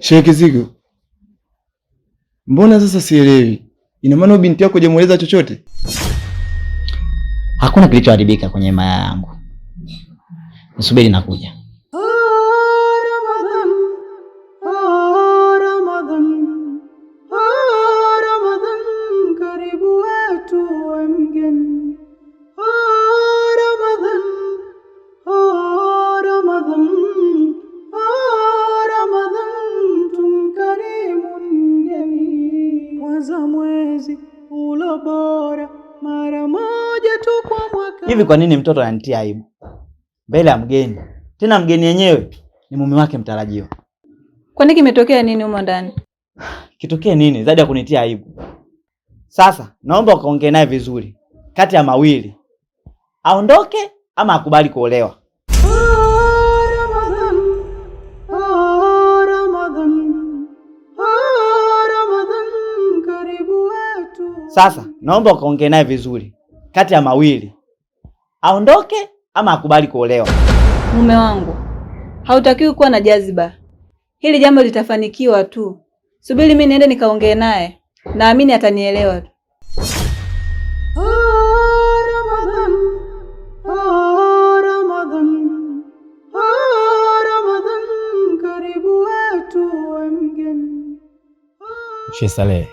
Shehe Kizigo, mbona sasa sielewi? Ina maana binti yako hujamueleza chochote? Hakuna kilichoharibika kwenye maya yangu, nisubiri nakuja. Hivi kwa nini mtoto ananitia aibu mbele ya mgeni? Tena mgeni yenyewe ni mume wake mtarajiwa. Kwani kimetokea nini humo ndani? Kitokee nini zaidi ya kunitia aibu? Sasa naomba ukaongee naye vizuri, kati ya mawili, aondoke ama akubali kuolewa. Sasa naomba ukaongee naye vizuri, kati ya mawili, aondoke ama akubali kuolewa. Mume wangu, hautakiwi kuwa na jaziba. Hili jambo litafanikiwa tu. Subiri mimi niende nikaongee naye, naamini atanielewa tu. Sheikh Saleh,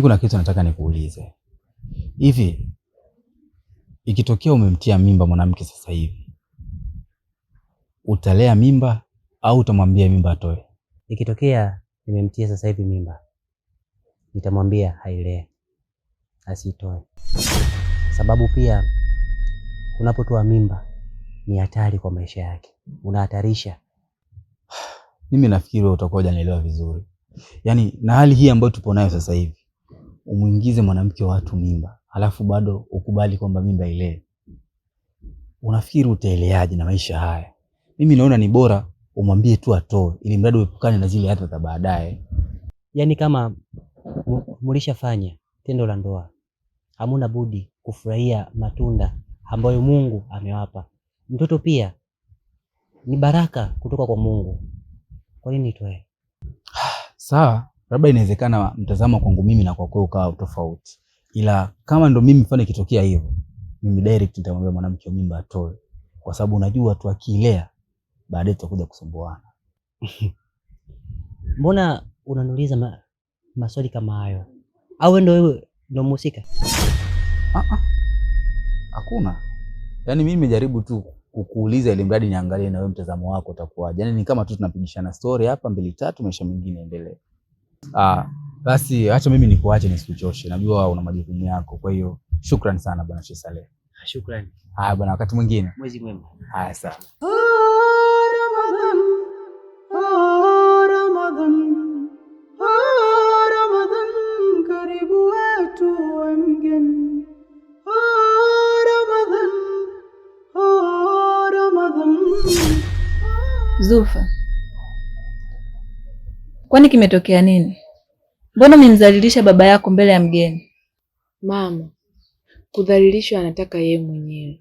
kuna kitu nataka nikuulize hivi Ikitokea umemtia mimba mwanamke sasa hivi, utalea mimba au utamwambia mimba atoe? Ikitokea nimemtia sasa hivi mimba, nitamwambia hailee, asitoe sababu pia unapotoa mimba ni hatari kwa maisha yake, unahatarisha. Mimi nafikiri utakuwa hujanielewa vizuri, yaani na hali hii ambayo tupo nayo sasa hivi, umwingize mwanamke watu mimba halafu bado ukubali kwamba mimba ile, unafikiri utaeleaje na maisha haya? Mimi naona ni bora umwambie tu atoe, ili mradi uepukane na zile hata za baadaye. Yaani kama mulishafanya tendo la ndoa, hamuna budi kufurahia matunda ambayo Mungu amewapa. Mtoto pia ni baraka kutoka kwa Mungu, kwa nini itoe? Sawa, labda inawezekana mtazamo kwangu mimi na kwako ukawa tofauti, ila kama ndo mimi mfano ikitokea hivyo, mimi direct nitamwambia mwanamke mimba atoe, kwa sababu unajua tu akilea baadaye tutakuja kusumbuana. Mbona unaniuliza ma, maswali kama hayo? Au ndo wewe ndo mhusika? Ah, ah. Hakuna, yaani mimi nimejaribu tu kukuuliza ili mradi niangalie na wewe mtazamo wako utakuwaje. Yaani ni kama tu tunapigishana story hapa mbili tatu, maisha mengine endelee. Ah. Basi acha mimi nikuache nisikuchoshe, najua una majukumu yako. Kwa hiyo shukrani sana bwana Sheikh Shukrani. Haya bwana, wakati mwingine. Mwezi mwema. Haya sana. Oh, oh, oh, Zufa, kwani kimetokea nini? Mbona umemdhalilisha baba yako mbele ya mgeni? Mama, kudhalilishwa anataka yeye mwenyewe.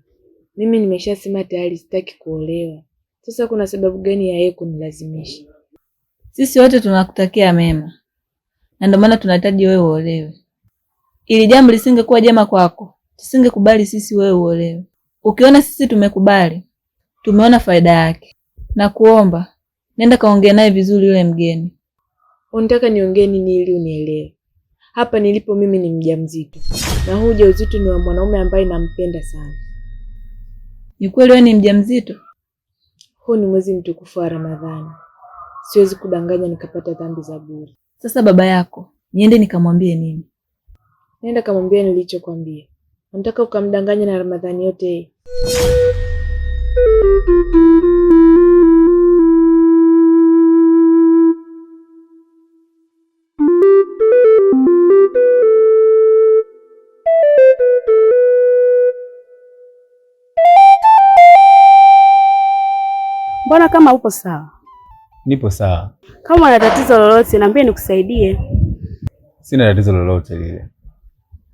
Mimi nimeshasema tayari sitaki kuolewa. Sasa kuna sababu gani ya yeye kunilazimisha? Sisi wote tunakutakia mema, na ndio maana tunahitaji wewe uolewe. Ili jambo lisingekuwa jema kwako, tusingekubali sisi wewe uolewe. Ukiona sisi tumekubali, tumeona faida yake, na kuomba nenda kaongea naye vizuri yule mgeni. Unataka niongee nini ili unielewe? Hapa nilipo mimi ni mjamzito, na huu ujauzito ni wa mwanaume ambaye nampenda sana. Ni kweli wewe ni mjamzito? Huu ni mwezi mtukufu wa Ramadhani, siwezi kudanganya nikapata dhambi za bure. Sasa baba yako, niende nikamwambie nini? Nenda kamwambia nilichokwambia. Unataka ukamdanganya na Ramadhani yote Mbona kama upo sawa? Nipo sawa. Kama una tatizo lolote niambie nikusaidie. Sina tatizo lolote lile.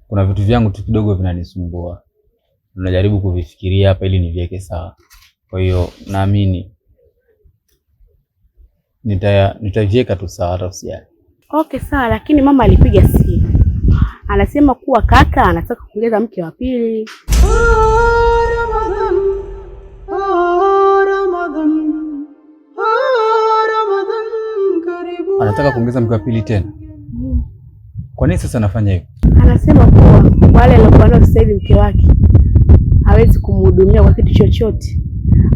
Kuna vitu vyangu tu kidogo vinanisumbua, najaribu kuvifikiria hapa ili niviweke sawa. Kwa hiyo naamini nitaviweka tu sawa, hata usijali. Okay, sawa. Lakini mama alipiga simu, anasema kuwa kaka anataka kuongeza mke wa pili. Oh, anataka kuongeza mke wa pili tena. Kwa nini sasa anafanya hivyo? Anasema kuwa wale aliokuwa nao sasa hivi mke wake hawezi kumhudumia kwa kitu chochote,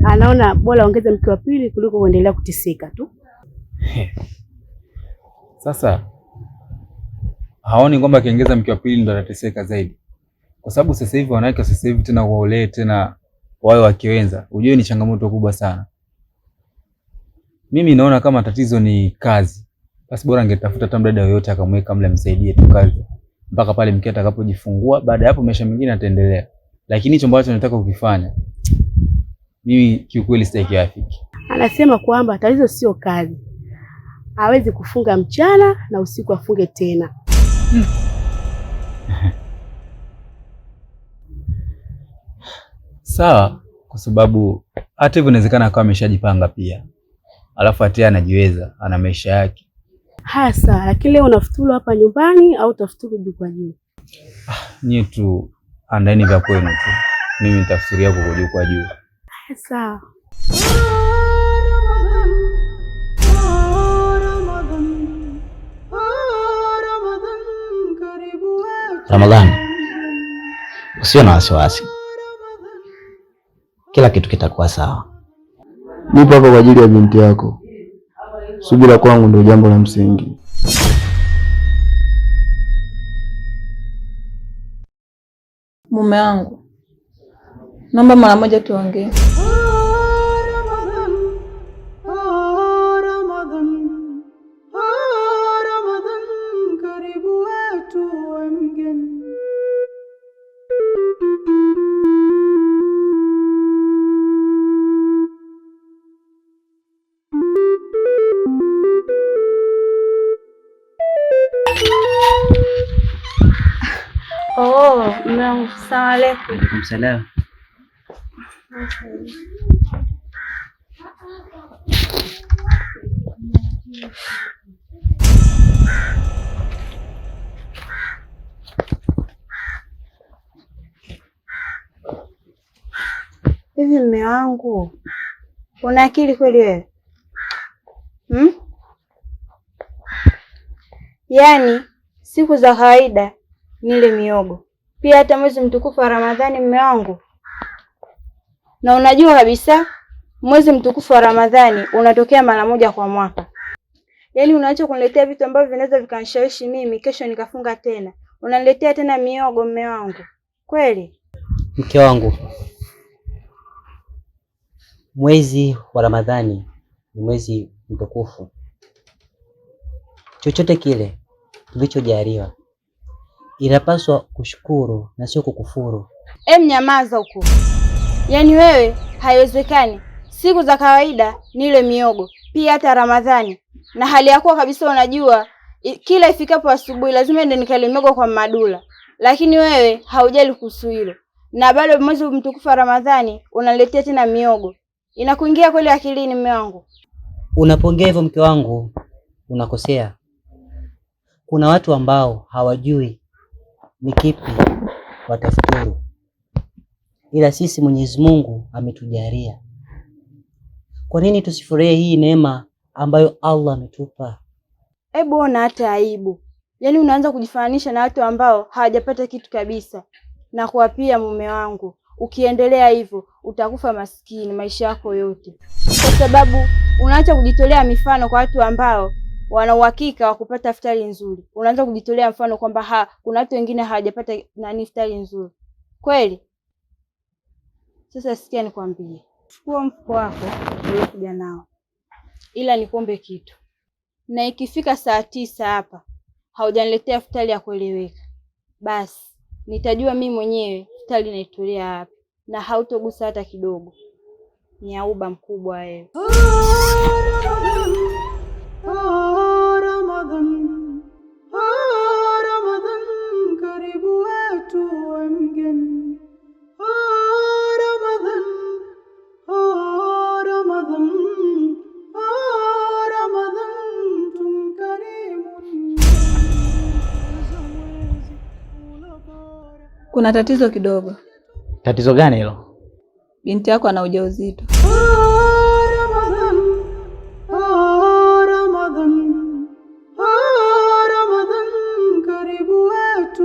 anaona bora aongeze mke wa pili kuliko kuendelea kutisika tu. Sasa haoni kwamba akiongeza mke wa pili ndo atateseka zaidi, kwa sababu sasa hivi wanawake sasa hivi tena waolee tena wawe wakiwenza, ujue ni changamoto kubwa sana. Mimi naona kama tatizo ni kazi basi bora angetafuta hata mdada yoyote akamweka mle msaidie tu kazi mpaka pale mke atakapojifungua. Baada ya hapo maisha mengine ataendelea, lakini hicho ambacho nataka kukifanya mimi kiukweli sitaki afiki. Anasema kwamba tatizo sio kazi, hawezi kufunga mchana na usiku afunge tena. Sawa, kwa sababu hata hivyo inawezekana akawa ameshajipanga pia, alafu hata anajiweza, ana maisha yake hasa, lakini leo unafuturu hapa nyumbani au utafuturu juu kwa juu? Ah, nyie tu andaeni vya kwenu tu, mimi nitafuturia huko juu kwa juu. Sawa. Ramadhani, usio na wasiwasi, kila kitu kitakuwa sawa. Nipo hapa kwa ajili ya binti yako. Subira kwangu ndio jambo la msingi. Mume wangu, naomba mara moja tuongee. Halo, mume wangu, salamu aleikum. Aleikum salaam. Hivi mume wangu, una akili kweli wewe hmm? Yaani siku za kawaida nile miogo pia hata mwezi mtukufu wa Ramadhani, mme wangu, na unajua kabisa mwezi mtukufu wa Ramadhani unatokea mara moja kwa mwaka. Yaani unaacha kuniletea vitu ambavyo vinaweza vikanishawishi mimi kesho nikafunga tena, unaniletea tena miogo. Mme wangu, kweli mke wangu, mwezi wa Ramadhani ni mwezi mtukufu. Chochote kile kilichojaliwa inapaswa kushukuru na sio kukufuru. Em, mnyamaza huku! Yaani wewe, haiwezekani siku za kawaida nile miogo pia hata Ramadhani, na hali ya kuwa kabisa unajua kila ifikapo asubuhi lazima ende nikale miogo kwa madula, lakini wewe haujali kuhusu hilo, na bado mwezi mtukufu wa Ramadhani unaletea tena miogo. Inakuingia kweli akilini, mume wangu? Unapongea hivyo mke wangu, unakosea. Kuna watu ambao hawajui ni kipi watafikiri, ila sisi Mwenyezi Mungu ametujalia. Kwa nini tusifurahie hii neema ambayo Allah ametupa? Hebu ona hata aibu, yaani unaanza kujifananisha na watu ambao hawajapata kitu kabisa. Na kwa pia, mume wangu, ukiendelea hivyo utakufa maskini maisha yako yote, kwa sababu unaacha kujitolea mifano kwa watu ambao wana uhakika wa kupata iftari nzuri. Unaanza kujitolea mfano kwamba ha, kuna watu wengine hawajapata nani iftari nzuri kweli. Sasa sikia nikwambie, chukua mfuko wako uliokuja nao, ila nikuombe kitu, na ikifika saa tisa hapa haujaniletea iftari ya kueleweka, basi nitajua mimi mwenyewe iftari naitolea hapa, na hautogusa hata kidogo. ni auba mkubwa wewe. Kuna tatizo kidogo. Tatizo gani hilo? Binti yako ana ujauzito.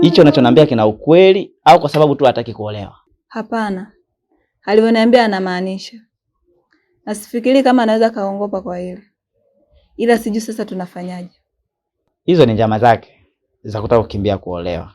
Hicho nachoniambia kina ukweli au kwa sababu tu hataki kuolewa? Hapana, alivyoniambia anamaanisha. Nasifikiri kama anaweza kaongopa kwa hilo, ila sijui sasa tunafanyaje. Hizo ni njama zake za kutaka kukimbia kuolewa.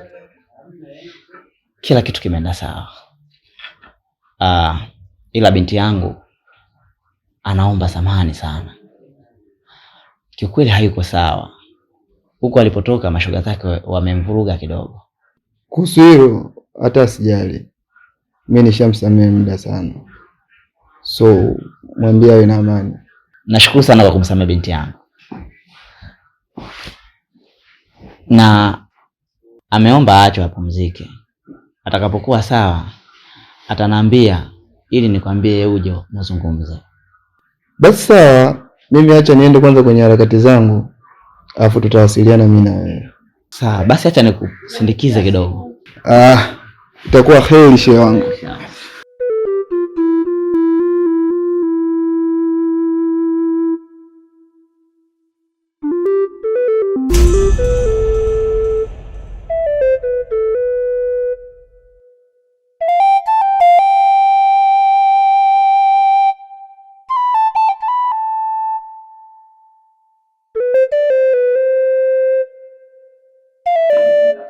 kila kitu kimeenda sawa. Uh, ila binti yangu anaomba samani sana kiukweli, hayuko sawa. Huko alipotoka mashoga zake wamemvuruga kidogo. Kuhusu hilo hata sijali mimi, nishamsamehe muda sana, so mwambie awe na amani. Nashukuru sana kwa kumsamehe binti yangu, na ameomba aache apumzike Atakapokuwa sawa, ataniambia ili nikwambie uje mzungumze. Basi sawa, mimi acha niende kwanza kwenye harakati zangu, alafu tutawasiliana mimi na wewe. Sawa, basi acha nikusindikize kidogo. Ah, itakuwa heri shehe wangu.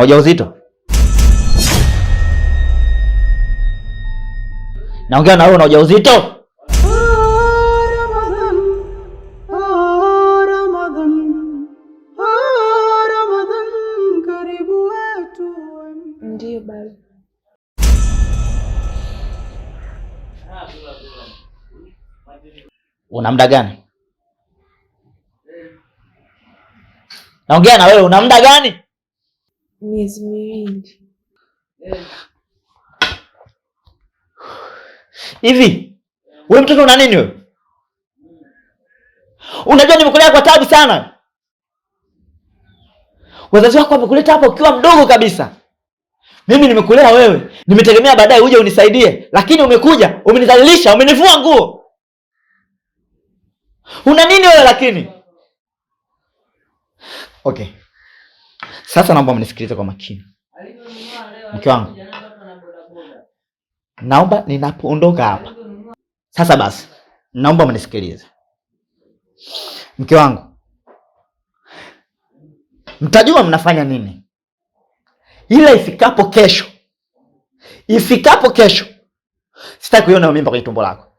Una ujauzito? Naongea na wewe, una ujauzito? Una muda gani? Naongea na wewe, una muda gani? miezi miwili eh. hivi. We mtoto una nini wewe? Unajua nimekulea kwa tabu sana. Wazazi wako wamekuleta hapa ukiwa mdogo kabisa. Mimi nimekulea wewe, nimetegemea baadaye uje unisaidie, lakini umekuja umenidhalilisha, umenivua nguo. Una nini wewe? Lakini okay sasa naomba mnisikilize kwa makini, mke wangu, naomba ninapoondoka hapa sasa, basi naomba mnisikilize, mke wangu, mtajua mnafanya nini, ila ifikapo kesho, ifikapo kesho, sitaki kuiona mimba kwenye tumbo lako.